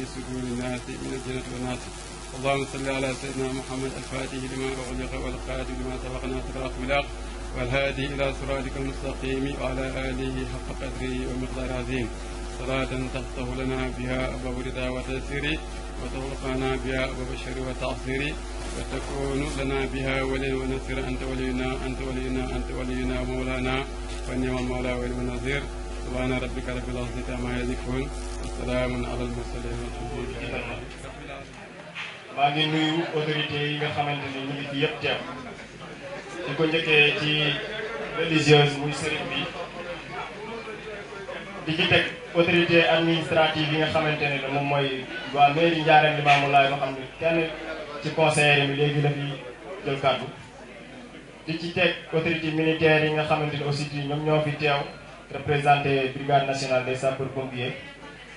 في سجون الناس من الجنة والناس اللهم صل على سيدنا محمد الفاتح لما أغلق والقادم لما سبقنا ناصر ملاق والهادي إلى صراطك المستقيم وعلى آله حق قدره ومقدار عظيم صلاة تفتح لنا بها أبواب رضا وتيسير وتغلقنا بها أبواب الشر والتعصير وتكون لنا بها ولي ونصير أنت ولينا أنت ولينا أنت ولينا مولانا ونعم المولى ونعم النصير subhaana rabbika rabbil izzati ammaa yasifuun salaamun alal mursaliin walhamdulillah ngi nuyu autorités yi nga xamante ni ñu ngi fi yëpp teew di ko njëkkee ci religieuse muy sëriñ bi di ci teg autorité administrative yi nga xamante ne moom mooy waa mairie Ndiarème Limamoulaye laay loo xam ne kenn ci conseiller bi léegi la fi jël kàddu di ci teg autorité militaire yi nga xamante ne aussi ñoom teew représenté brigade nationale des sapeurs-pompiers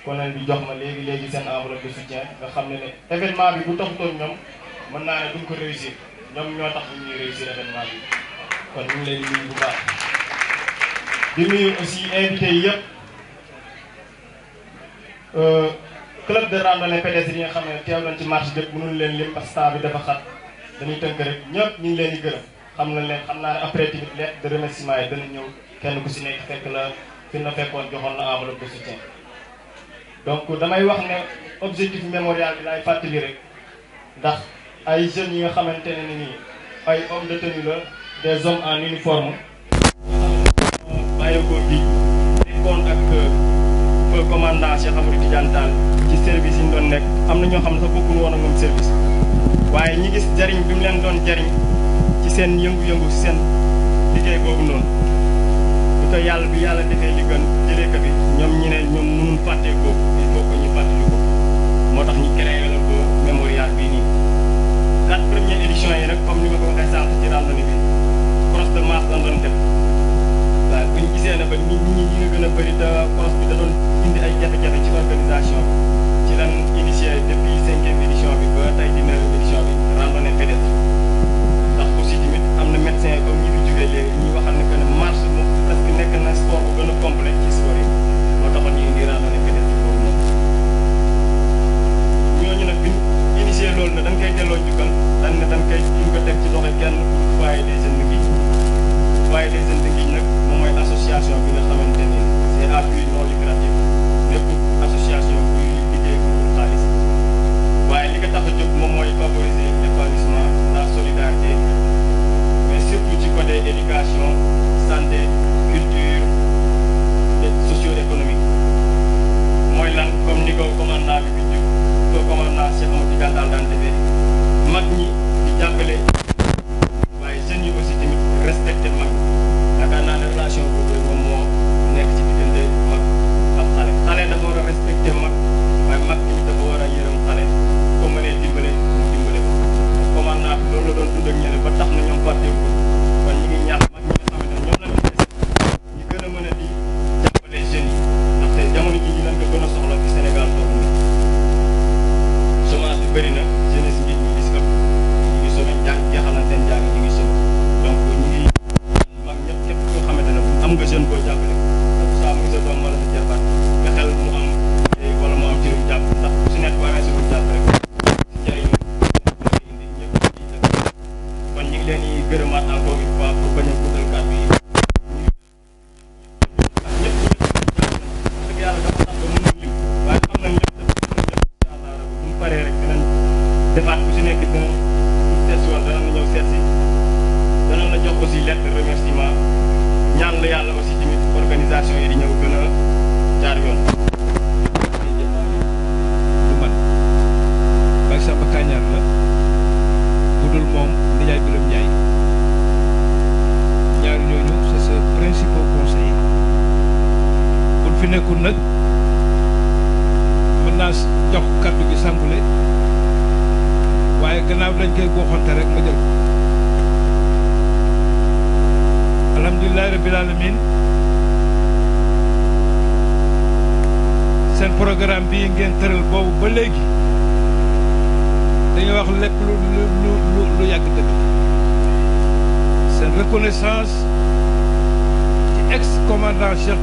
bi de soutien nga xam ne événement bi bu duñ ko réussir ñoom ñoo tax ñuy réussir événement bi ñu aussi invité euh, club de randonnée pédestre yi nga xam nañ ci marche leen bi dafa xat dañuy rek après de remerciement kenn ku si nekk fekk la fi na fekkoon joxoon na enveloppe de donc damay wax ne objectif mémorial bi laay fàttali rek ndax ay jeunes yi nga xamante ne nii ay hommes de la des hommes en uniforme bàyyeekoo bi nekkoon ak feu commandant Cheikh Amadou Tidiane Tall ci service yi ñu doon nekk am na ñoo xam ne sax bokkul woon ak moom service waaye ñi gis jariñ bi mu leen doon jariñ ci seen yëngu-yëngu ci seen liggéey boobu noonu bu te yàlla bi yàlla defee li gën jëlee ko fi ñoom ñu ne ñoom mënuñ fàtte boobu il faut que ñu fàttali ko moo tax ñu créé la ko mémorial bii nii quatre première édition yi rek comme ni ma ko waxee sànq ci randonnée bi cross de masse la def waaw bu ñu gisee ne ba nit ñi ñi nga gën a bëri te cross bi da doon indi ay jafe-jafe ci organisation bi ci lan initié depuis cinquième édition bi ba tey di neuvième édition bi randonnée pédestre ndax am na médecin comme ñi nekk na sport bu complet nas naa jox kaddu gi sambule waaye gannaaw dañ koy goxonte rek ma jël alhamdulilahi rabbil alamin seen programme bi ngeen tëral boobu ba léegi dañuy wax lépp lu lu lu lu yàgg dëgg seen reconnaissance ci ex commandant Cheikh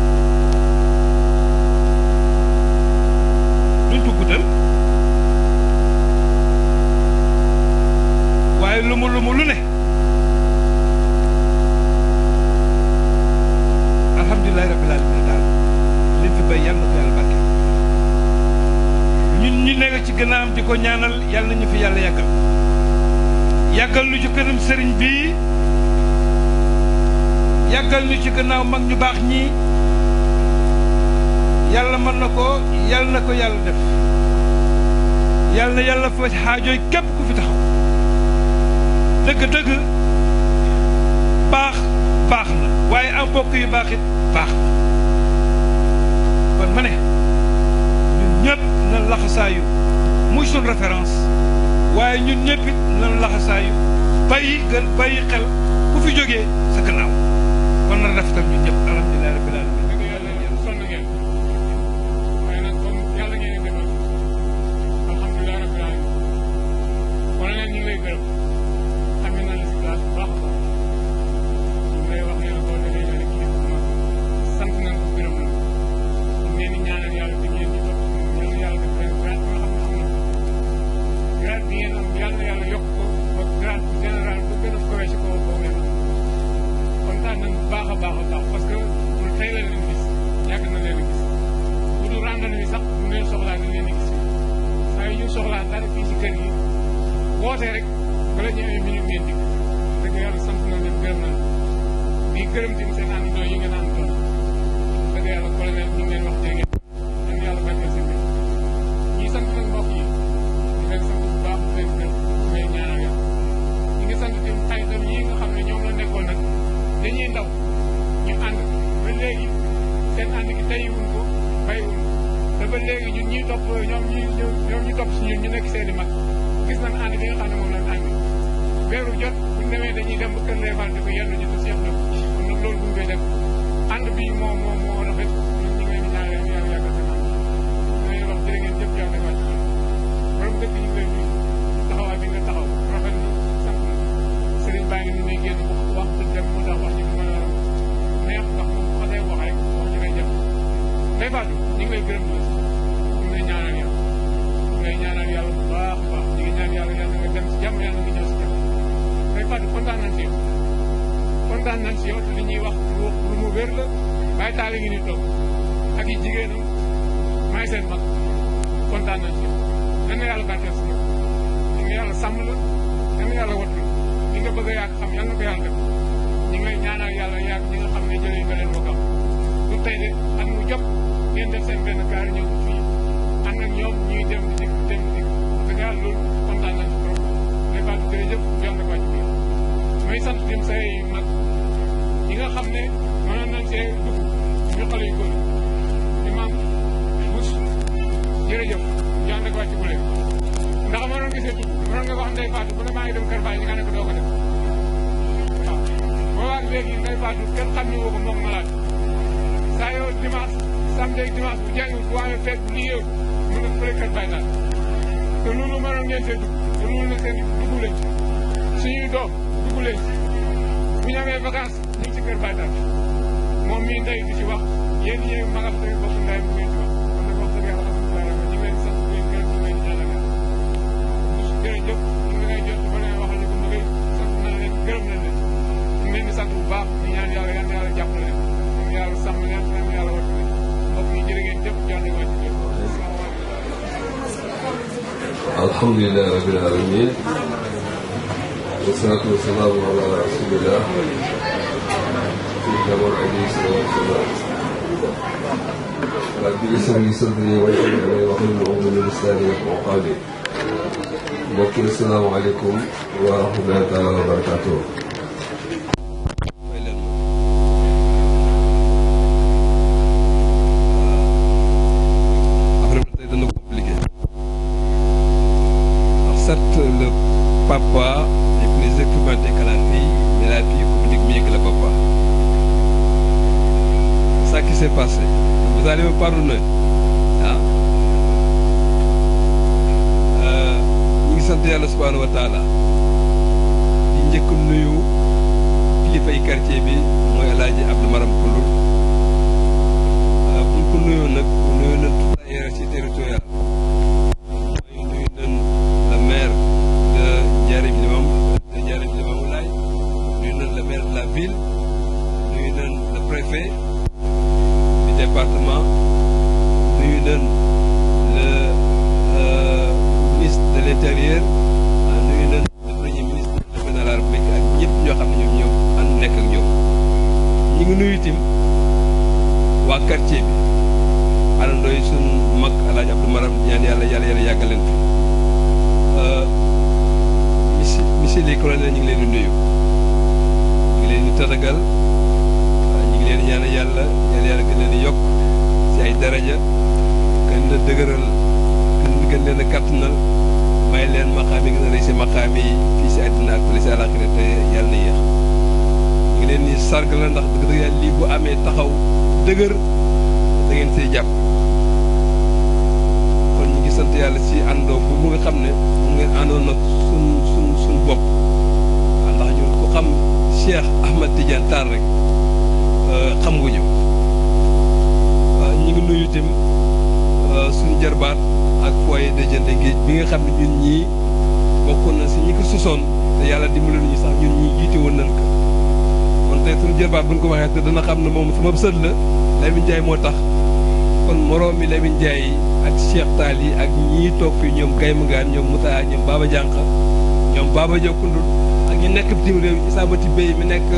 guddal waaye lu mu lu mu lu ne alhamdulilahi rabbil alamin daal liñ fi bay yàlla na ko yàlla barke ñu nekk ci gannaawam di ko ñaanal yàlla na ñu fi yàlla yàggal yàggal nu ci kanam sëriñ bi yàggal nu ci gannaaw mag ñu baax ñii yàlla mën na ko yàlla na ko yàlla def yàlla na yàlla faj xaajooy képp ku fi taxaw dëgg-dëgg baax baax na waaye am mbokk yu baax it baax na kon ne ñun ñëpp nan laxasaayu muy suñ référence waaye ñun ñëpp it laxasaayu bàyyi gën bàyyi xel ku fi jógee sa gannaaw kon na rafetal ñun ñëpp alhamdulilah rabbil alamin sax bu ngeen soxlaa ni ngeen nekk si saa yu ñu soxlaa dara fii si kër yi woote rek bala ñu ay minute ngeen dikk dëgg yàlla sant na leen gërëm nañ di gërëm tamit seen àndandoo yi ngeen àndoon dëgg yàlla colonel ñu ngi leen wax jërë ngeen topp ñoom ñi ñoom topp si ñu nekk seen i mag gis nañ ànd bi nga xam ne moom lañ ànd weeru jot bu demee dañuy dem ba kër Léval di ko yenn ñu ko seetlu kon nag loolu bu ñu koy def bi moo moo moo rafet maire bi ñoo si jàpp tey Fatou kontaan nañ si yow kontaan nañ si yow te li ñuy wax mu wér la bàyyi taal ngi nii toog ak i jigéenam maay seen mag kontaan nañ si yow. yal na yàlla barkeel si yal na yàlla sàmm la yal na yàlla wattu nga bëgg a yàgg xam yal na ko yàlla def ñu ngi lay ñaanal yàlla yàgg ñi nga xam ne jëlee nga leen gam du tey de at mu jot ngeen def benn gaal ñëw fii ànd ak ñoom ñuy dem di dikk dem di dikk parce que yàlla loolu kontaan nañ jërëjëf yoon dafa ci biir may sant dem sa yu mag yi nga xam ne mënoon nañ see dugg ñu xale yu góor imaam ma doon gisee dugg mënoon nga ko xam day faatu bu ne maa ngi dem kër bàyyi ñi nga ne ko doo ko def waaw boobaag léegi day faatu kenn xam ne woo ko moom malade saa yoo dimanche samedi dimanche bu jàngiwul bu amee fête bu liggéeyul mën nga fële kër bàyyi te ma mënoon ngeen see dugg te loolu nag seen dugg leen ci suñuy doom dugg leen bu ñu amee vacance ñu ngi ci kër Baye Dame moom mii ndey di ci wax yéen ñi ma nga xam ne bokk ndey mu ngeen ci wax kon nag wax dëgg yàlla alhamdulilah ñu ngi leen di sant di leen leen ñaanal jërëjëf ñu ba leen waxal ne ko mu na leen gërëm na leen ñu ngi leen di sant bu baax di ñaan yàlla yàlla yàlla jàpp leen الحمد لله رب العالمين والصلاة والسلام على رسول الله سيدنا محمد صلى الله عليه وسلم رب اشرح لي صدري ويسر لي واحلل عقدة من لساني يفقهوا قولي السلام عليكم ورحمة الله وبركاته certes, le papa est plus expérimenté que la fille, mais la fille communique mieux que le papa. C'est ça qui s'est passé. Vous allez me pardonner. ah euh, ñu ngi sant yàlla subhanahu wa taala di njëkk nuyu kilifay quartier bi mooy El Hadj Abdou Maram Koulou euh, bu ñu ko nous, nag nuyoo na toute la hiérarchie préfet du département nuyu leen le euh, ministre de l' ah, nuyu leen le premier ministre de la République ak ñëpp ñoo xam ne ñoom ñëw ànd nekk ak ñoom ñu ngi nuyu tim waa quartier bi àndandoo yi suñu mag Alaaji Abdou Maram ñaan yàlla yàlla yàlla yàggal leen fi monsieur monsieur les colonels ñu ngi leen di nuyu ñu ngi leen di ñaan yàlla ñaan yàlla gën leen yokk si ay daraja gën la dëgëral gën leen a kàttanal may leen maqaam yi gën a rëy si maqaam yi fii si àddina ak fële si àllaaxira te yéex ngi leen ni sargal la ndax dëgg lii bu amee taxaw dëgër da ngeen see jàpp kon ñu ngi sant yàlla si àndoo bu mu nga xam ne mu ngeen àndoon nag suñ suñ suñ bopp ndax ñun ku xam Cheikh Ahmad Tidiane Tall rek xam nga ñu waaw euh, ñu ngi nuyu itam euh, suñu jarbaat ak foyer de jënte géej bi nga xam ne ñun ñii bokkoon na si ñi ko sosoon te yàlla dimbali nañu sax ñun ñii jiite woon nañ ko kon tey suñu ko waxee dana xam ne moom sama sët la Lamine moo tax kon moroom mi Lamine Ndiaye yi ak Cheikh Tall yi ak ñii toog fii ñoom Gaye Mangane ñoom Moussa ñoom Baba Diankha ñoom Baba Diokundul ak ñu nekk bitim réew Issa Bati Bey mi nekk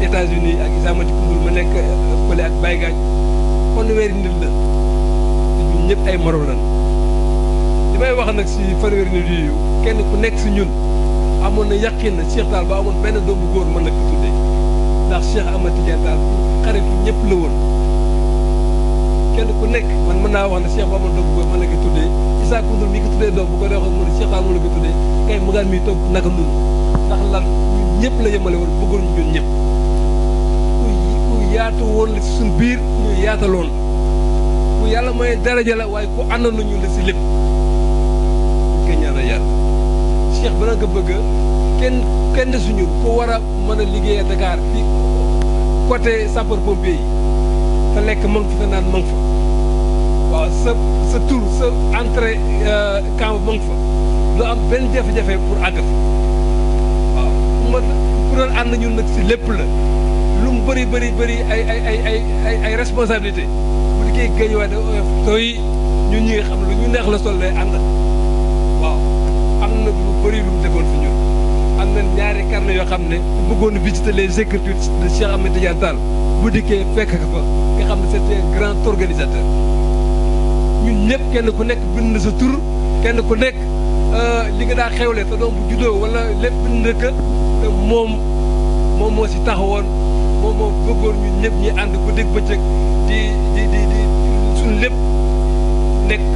États-Unis ak Isama Dikouboul ma nekk euh, fële ak Baye Gaaj fanweeri nit la ñun ñëpp ay morom la li may wax nag si fanweeri nit yooyu kenn ku nekk si ñun amoon na yàqin na Cheikh Tall ba amoon benn doomu góor mën na tuddee ndax Cheikh Ahmad Tidiane Tall xaritu ñëpp la woon kenn ku nekk man mën naa wax ne Cheikh bu amoon doomu góor mën na ko tuddee Issa Koundoul mi ko tuddee doom bu ko doxee ne Cheikh Tall mën na ko tuddee kay mu gaan mi ñëpp la yemale woon ñëpp yaatu woon la ci suñ biir ku ñu yaataloon ku yàlla may daraja la waaye ku ànd nañu la si Cheikh ba nga bëgg kenn kenn suñu ko war a mën a liggéeyee Dakar fi côté sapeur pompier yi te lekk ma ngi fa te naan ma euh, benn jafe-jafe pour àgg lépp la lu mu bëri bari bëri ay ay ay ay ay ay responsabilité bu di koy Guédiawaye tooy ñun xam lu ñu neex la sol lay ànd waaw am na lu bëri lu mu defoon fi ñun am na ñaari carnet yoo xam ne ku bëggoon visiter les écritures de Cheikh Ahmed Tidiane Tall bu dikkee fekk ka fa nga xam ne c'était grand organisateur ñun ñëpp kenn ku nekk bind na sa tur kenn ku nekk euh, li nga daal xewle sa doom bu juddoo wala lépp bind na moom moo si taxawoon moom moo bëggoon ñu ñi ànd guddeeg bëccëg di di di di suñ lépp nekk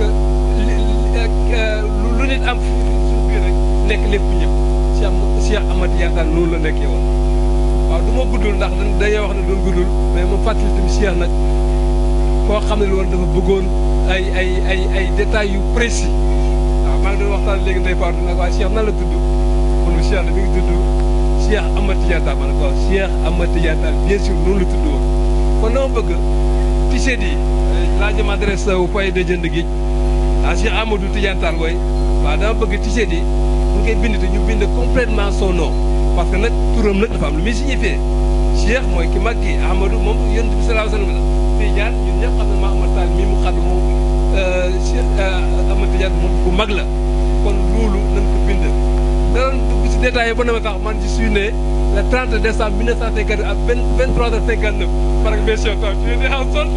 lu nit am suñ biir rek nekk lépp ñëpp Cheikh Amady Yaakaar loolu la nekkee woon waaw du ma guddul ndax dañ dañuy wax na doon guddul mais ma fàttali tamit Cheikh nag koo xam ne loolu dafa bëggoon ay ay ay ay détails yu précis waaw maa ngi doon waxtaan léegi Ndeye Fatou nag waa Cheikh nan la tudd kon Cheikh la bi ngi tudd Cheikh Ahmed Tidiane Tall ma ko waaw Cheikh Ahmed Tidiane Tall bien sûr noonu la tudd woon kon dama bëgg t-shirt yi euh, laa je m'adresse au foyer de jënd gi ah wooy waaw dama bëgg t-shirt yi bu ñu koy bind te ñu bind complètement son nom parce que nag turam nag dafa am lu muy signifié Cheikh mooy ki mag kii Amadou moom yonent bi sallallahu alayhi wa sallam la Tidiane ñun ñëpp mii mu xam moom euh, Cheikh euh, Ahmed Tidiane bu mag la kon loolu nañ ko bind si détaillé ba tax man je suis né le 30 décembre 1959 à 23 h 59 par mission taw tu es en sorte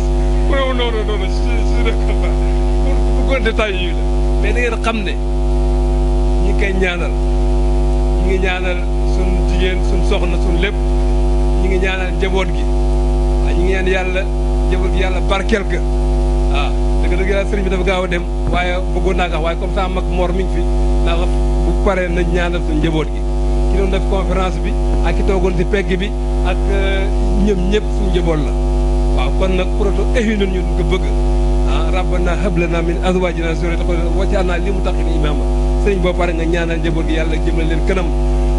mu non non non je suis ne comprends pas pour bëggoon détaillé mais da ngeen xam ne ñi koy ñaanal ñi ñaanal sun jigéen sun soxna sun lepp ñi ngi ñaanal jaboot gi ah ñi ngi ñaan yàlla jaboot gi yàlla barkeel ga ah, waaw dëgg dëgg yàlla sëriñ bi dafa gawa a dem waaye bëggoon naa ko waaye comme ça mag Mor mi fi naa ko bu paree na ñaanal suñ njaboot gi ki doon def conférence bi ak ki toogoon si pegg bi ak euh, ñëm ñëpp suñ njaboot la waaw kon nag proto éhi non ñun ko bëgg ah rabbana hablana min azwajina zurriyata qurrata waj'alna lil muttaqina imama sëñ boo pare nga ñaanal njaboot gi yàlla jëmale leen kanam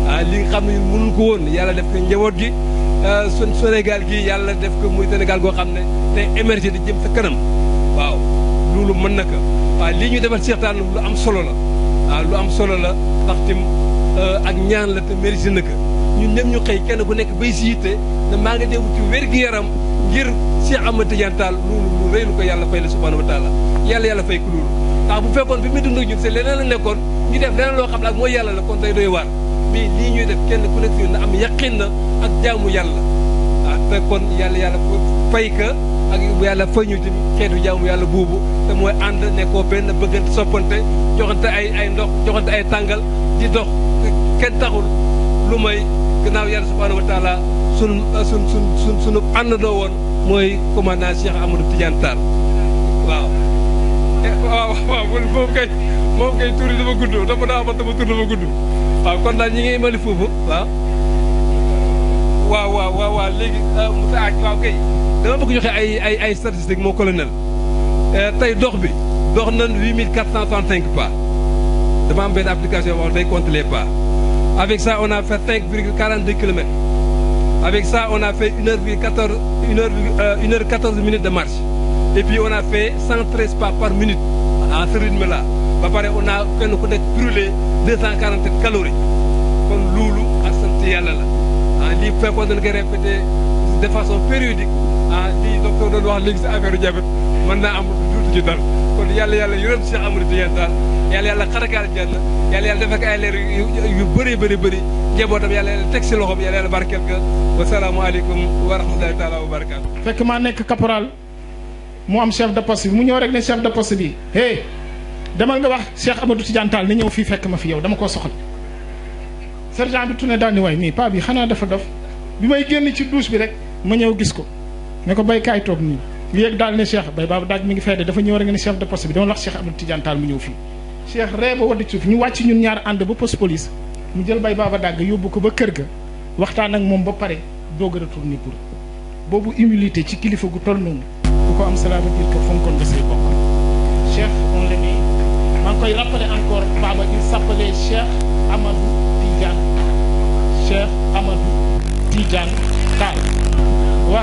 ah li nga xam ne ñun mënul ko woon yàlla def ko njaboot gi ah, suñ Sénégal gi yàlla def ko muy Sénégal goo xam ne tey émergé di jëm sa kanam waaw loolu mën na ko lii ñu defal seetaan lu am solo la waaw ah, lu am solo la ndax tim euh, ak ñaan la te mérite na ko ñun ñu xëy kenn ku nekk bay si yitte ne maa ngi dee wuti wér yaram ngir Cheikh Ahmed Tidiane Tall loolu lu rëy ko yàlla fay la subhanahu wa taala yàlla yàlla fay ko loolu waaw bu fekkoon bi mu dund ak ñun c'est leneen la nekkoon ñu def leneen loo xam ne ak mooy yàlla la kon day doy waar mais lii ñuy def kenn ku nekk na am yaqin na ak jaamu yàlla ah te kon yàlla yàlla fay ka ak bu yàlla fañu ñu ci xeetu jaamu yàlla buubu te mooy ànd nekkoo benn bëggante soppante joxante ay ay ndox joxante ay tàngal di dox kenn taxul lu may gannaaw yàlla subhanahu wa taala sun sun sun sun sunu àndandoo woon mooy commandant Cheikh Amadou Tidiane Tall waaw eh, waaw waaw moom kay moom kay tuuri dama gudd dama daa amat dama tuur dama gudd waaw kon daal ñi ngi mali foofu waaw waaw waaw waaw waaw léegi euh, mu taaj waaw kay dama bëgg joxe ay ay ay statistique mon colonel euh, tey dox bi dox pas Devant une application on day compte les pas avec ça on a fait 5,42 km avec ça on a fait 1h14 euh, minutes de marche et puis on a fait 113 pas par minute à ce rythme là on a kenn brûlé 240 calories Comme Loulou à sant à la en ah, lii fekkoon ne répété de façon périodique ah lii docteur doon wax léegi si affaire diabète mën naa am tuuti ci dara kon yàlla yàlla yërëm Cheikh Amadou Tidiane Tall yàlla yàlla xarakaal janna yàlla yàlla ko ay leer yu bëree bëri bëri njabootam yàlla yàlla teg si loxoom yàlla yàlla barkeel ga wasalaamualeykum wa rahmatulahi taala wa barakaatu fekk maa nekk caporal mu am chef de poste bi mu ñëw rek ne chef de poste bi hey demal nga wax Cheikh Amadou Tidiane Tall ni ñëw fii fekk ma fi yow dama koo soxal sergent bi tourné daal ni waay mais paa bi xanaa dafa dof bi may génn ci douche bi rek ma ñëw gis ko ne ko bay tok ni li ak dal ne cheikh bay baaba daaj mi ngi fedde dafa ñëw rek ne chef de poste bi dama lax cheikh Amadou Tidiane tal mu ñëw fi cheikh reba wadi ci ñu wacc ñun ñaar ànd ba poste police mu jël bay baaba dag yobbu ko ba kër ga waxtaan ak mom ba pare doog a ni pour bobu humilité ci kilifa gu toll non ku ko am cela veut dire que fonkoon nga say bokk cheikh on le met maa koy rappelé encore baaba di s'appelait cheikh Amadou Tidiane cheikh Amadou Tidiane tal wa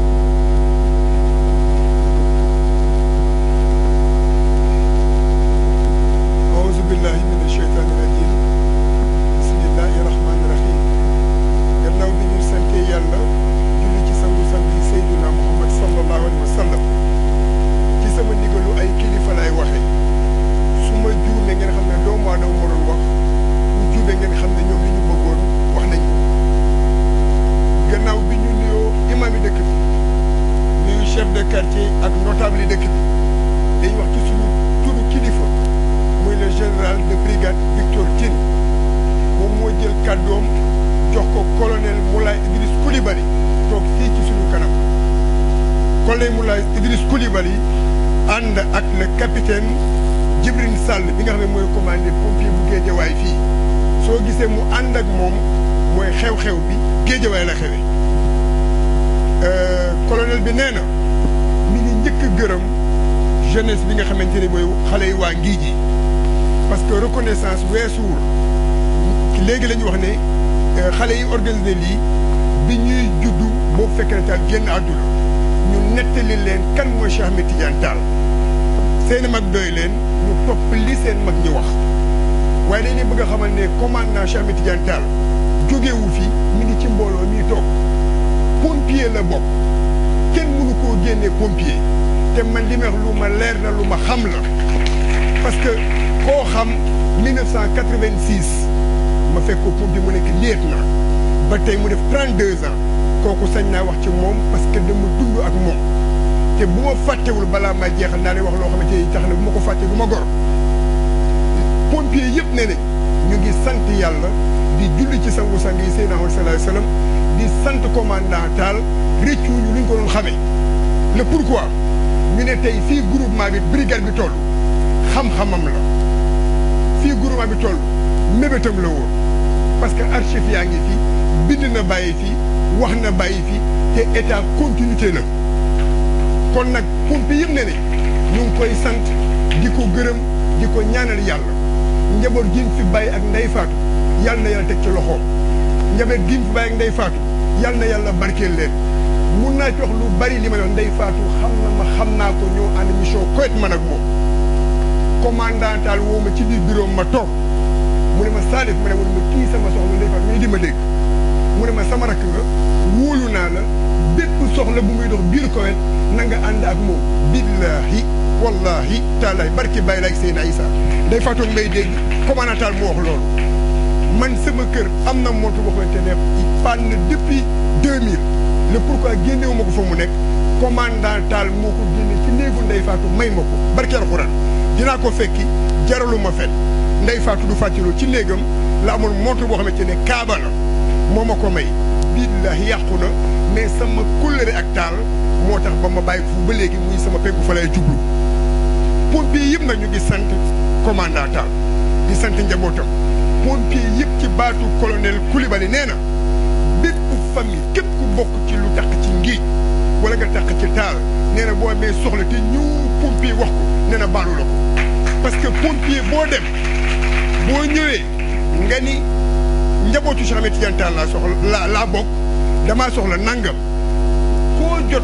ànd moom mooy xew-xew bi géejawaay la xewee euh, colonel bi nee na mi ngi njëkk gërëm jeunesse bi nga xamante ne mooy xale yi waa ngii ji parce que reconnaissance weesuwul léegi la wax ne euh, xale yi organisé lii bi ñuy juddu boobu fekk na taal génn àdduna ñu nettali leen kan mooy Cheikh Ahmed Tidiane seen mag doy leen ñu topp li seen mag ñu wax waaye dañ leen bëgg a xamal ne commandant Cheikh Ahmed Tidiane Tall jógewu fi mi ngi ci mbooloo mi toog pompier la bokk kenn mënu koo génnee pompier te man li ma wax lu ma leer na lu ma xam la parce que koo xam 1986 ma fekk ko pompier mu nekk liet na ba tey mu def 32 ans kooku sañ naa wax ci moom parce que dama dund ak moom te bu ma fàttewul balaa ma jeexal naa ne wax loo xamante ni tax na bu ma ko fàtte du ma gor pompier yëpp ne ne ñu ngi sant yàlla di julli ci sangu sang yi Seydina Muhammad sallallahu di sant commandant Tall réccu ñu ko doon xamee le pourquoi ñu ne tey fii groupement bi brigade bi toll xam-xamam la fii groupement bi toll mébétam la woon parce que archive yaa ngi fi bind na bàyyi fi wax na bàyyi fi te état continuité la kon nag pompier yëpp ne ne ñu ngi koy sant di ko gërëm di ko ñaanal yàlla njaboot gi fi bàyyi ak ndey faatu yal na yàlla teg ci loxoom njaboot gi fi bàyyi ak ndey faatu yal na yàlla barkeel leen mun naa ci lu bari li ma doon ndey faatu xam na ma xam naa ko ñoo ànd mission Koweït man ak moom commandant Tall woo ma ci biir bureau ma toog mu ne ma Salif ma ne ma kii sama soxla ndey faatu ñu di ma dégg mu ne ma sama rakk nga wóolu naa la bépp soxla bu muy dox biir Koweït na nga ànd ak moom billahi wallahi taalaay barki bay laay seen Issa day fàttali may dégg commandant Tall mu wax loolu man sama kër am na montre boo xamante na depuis 2000 le pourquoi ma ko fa mu nekk commandant Tall moo ko génne ci néegu Ndeye Fatou may ma ko barki alxuraan dinaa ko fekki jaralu ma fet Ndeye Fatou du fàttaloo ci néegam la amoon montre boo xamante ne kaaba la moo ma ko may billahi yàqu na mais sama kóllëre ak Tall moo tax ba ma bàyyi ko fu ba léegi muy sama penku fa lay jublu pompier yëpp nag ñu ngi sant commandant di sant njabootam pompier yëpp ci baatu colonel Coulibaly nee na bépp famille képp ku bokk ci lu tax ci ngiiñ wala nga tax ci taal nee na boo amee soxla te ñu pompier wax ko nee na baalu la ko parce que pompier boo dem boo ñëwee nga ni njabootu Cheikh Ahmed Tidiane Tall laa soxla laa laa bokk damaa soxla nangam koo jot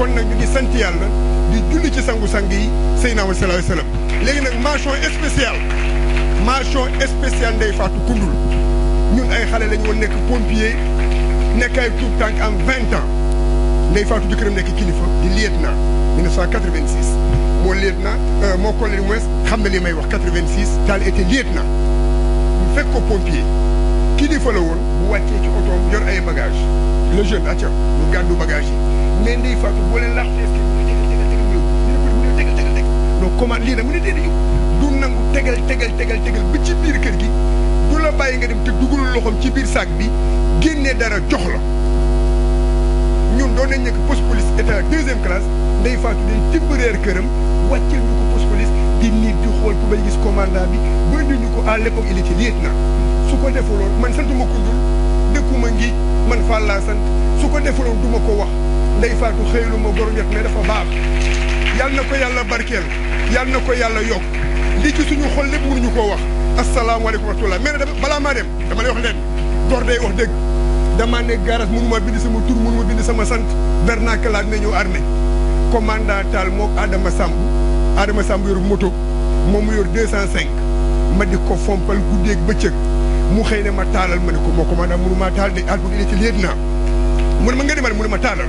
kon nag ñu ngi sant yalla di julli ci sangu-sang yi Seydina Muhammad sallallahu alayhi wasallam sallam nak nag mention spéciale mention spéciale Ndeye Fatou Koundoul ñun ay xalé lañu won nek pompier nekk ay tuut tànk am 20 ans Ndeye Fatou jëkkëram nekk kilifa di lieutenant 1986 moo lieutenant euh, moo collègue moins xam na li may wax 86 daal était lieutenant fekk ko pompier kilifa la won bu wacce ci auto yor ay bagages le jeune atia ah mu gàddu bagage yi mais Ndeye Fatou boo leen laajtee est-ce que mu ngi tegal tegal tegal ñëw ne ko mu ne tegal tegal tegal ci biir kër gi du la bàyyi nga dem te dugalul loxoom ci biir saak bi génnee dara jox la ñun doo nañ nekk poste police état deuxième classe Ndeye Fatou day temporaire këram wàcceel ñu ko poste police di nit di xool pour bay gis commandant bi ba indi ñu ko à l'époque il était su ko defuloon man santuma kundul dëkkuma ngi man Fall laa sant su ko defuloon du ma ko wax day faatu xëylu ma borom yet mais dafa baax yal na ko yàlla barkeel yal na ko yàlla yokk li ci suñu xol lépp mënuñu koo wax asalaamaaleykum wa rahmatulah mais nag balaa maa dem dama lay wax leen door day wax dëgg damaa ne garage mënu ma bind sama tur mënu ma bind sama sant Bernac laa dina ñëw armée commandant Tall moom Adama Samb Adama Samb yor moto moom yor 205 ma di ko fompal guddeeg bëccëg mu xëy ma taalal ma ne ko moo mënu maa taal de albu dina ci lieutenant mun ma nga demal mënu ma taalal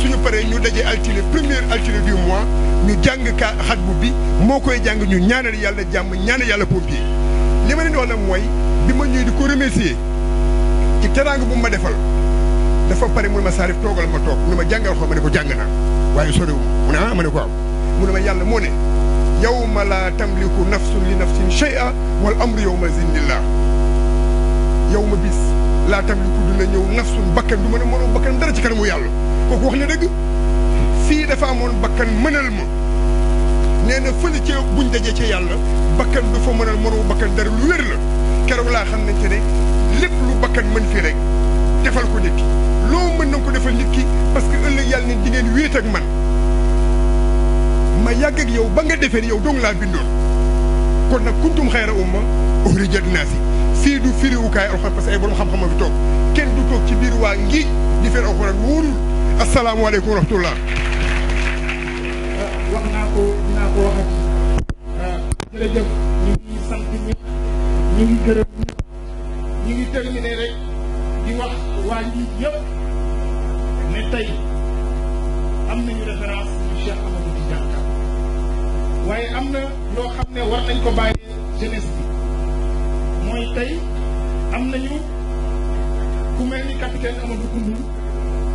suñu paree ñu dajee altine première altine du mois ñu jàng ka xatbu bi moo koy jàng ñu ñaaneel yàlla jàmm ñaanal yàlla pompier li ma leen di wax nag mooy bi ma ñëwee di ko remercier ci teraanga bu ma defal dafa pare mu ma saarif toogal ma toog mu ma jàngal xoo ma ne ko jàng naa waaye soriwul mu ne ah ma ne ko am mu ne ma yàlla moo ne yawma laa tamliku nafsun li nafsin shay'a wal amru yawma zindillah yow ma bis laa tamliku dina ñëw nafsun bakkan du ma ne mënoo bakkan dara ci kanamu yàlla kooku wax na dëgg fii dafa amoon bakkan mënal ma nee na fële ca buñ dajee ca yàlla bakkan du fa mënal mënoo bakkan dara lu wér la keroog laa xam nañ ne lépp lu bakkan mën fii rek defal ko nit ki loo mën na ko defal nit ki parce que ëllëg yàlla ne di ngeen wéet ak man ma yàgg ak yow ba nga defee yow dong laa bindoon kon nag kuntum xayra umma uxrijat naasi fii du firiwukaay alxuraan parce que ay borom xam-xam a fi toog kenn du toog ci biir waa ngi di feer alxuraan wóorul asalaamaaleykum wa rahmatulah. wax naa ko dinaa ko waxati ah, jërëjëf ñu ngi sant ñëpp ñu ngi gërëm rek di wax waa njiit yëpp ne tey am nañu référence ci Cheikh Amadou Tidiane Ka waaye am na loo xam ne war nañ ko bàyyee jeunesse bi mooy tey am nañu ku mel ni capitaine Amadou Koundoul.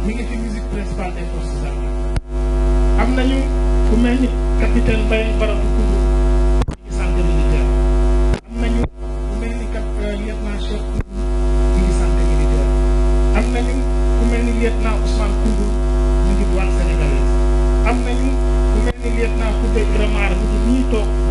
mi ngi ci musique principale des forces armées am nañu ku mel ni capitaine Mbaye Baratou Koungheul ku mel ni santé euh, militaire am nañu ku mel ni lieutenant Ousmane Koungheul mi ngi douane sénégalaise am nañu ku mel ni lieutenant Koundé Gramar mi ngi nii toog.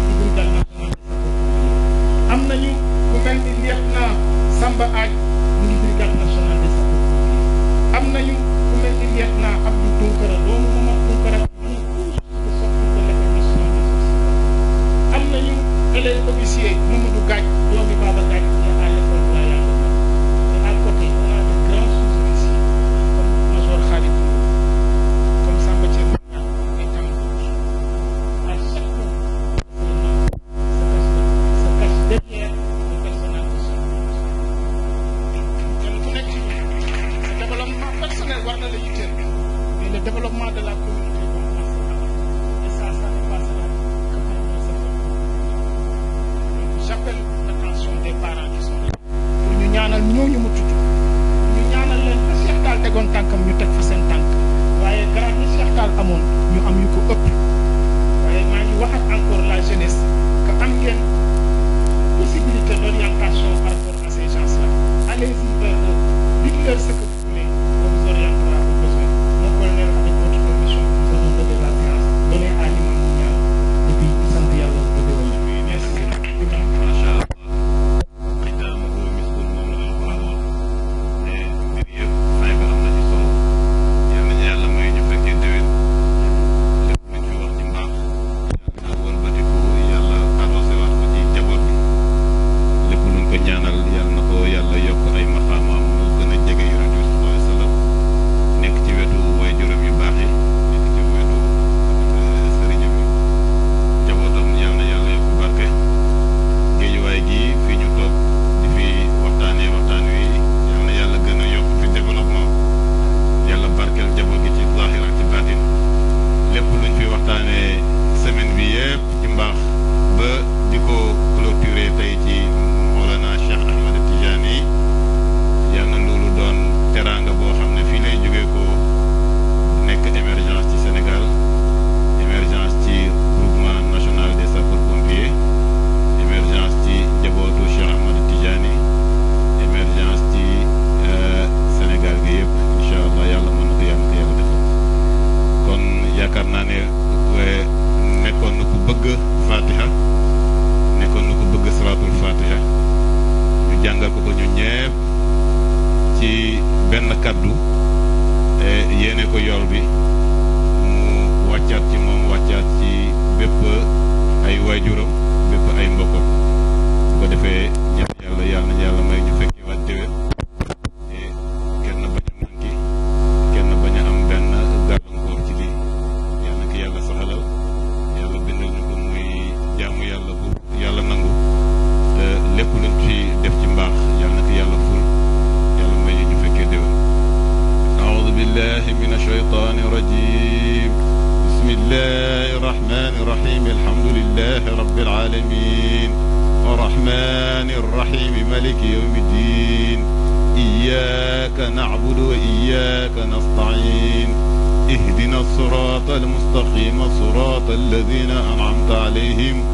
المستقيم صراط الذين أنعمت عليهم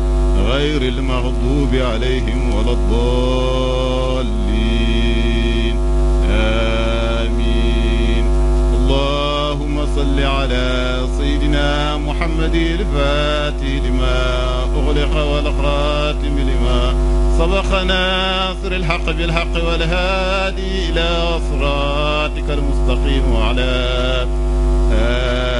غير المغضوب عليهم ولا الضالين آمين اللهم صل على سيدنا محمد الفاتح لما أغلق والخاتم لما سبق ناصر الحق بالحق والهادي إلى صراطك المستقيم وعلى آمين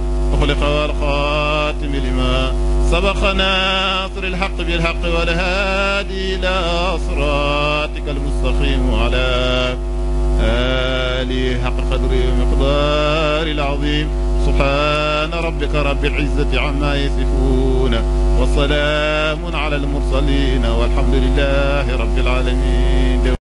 المخلق والخاتم لما سبق ناصر الحق بالحق والهادي إلى صراطك المستقيم وعلى آله حق قدره ومقدار العظيم سبحان ربك رب العزة عما يصفون وسلام على المرسلين والحمد لله رب العالمين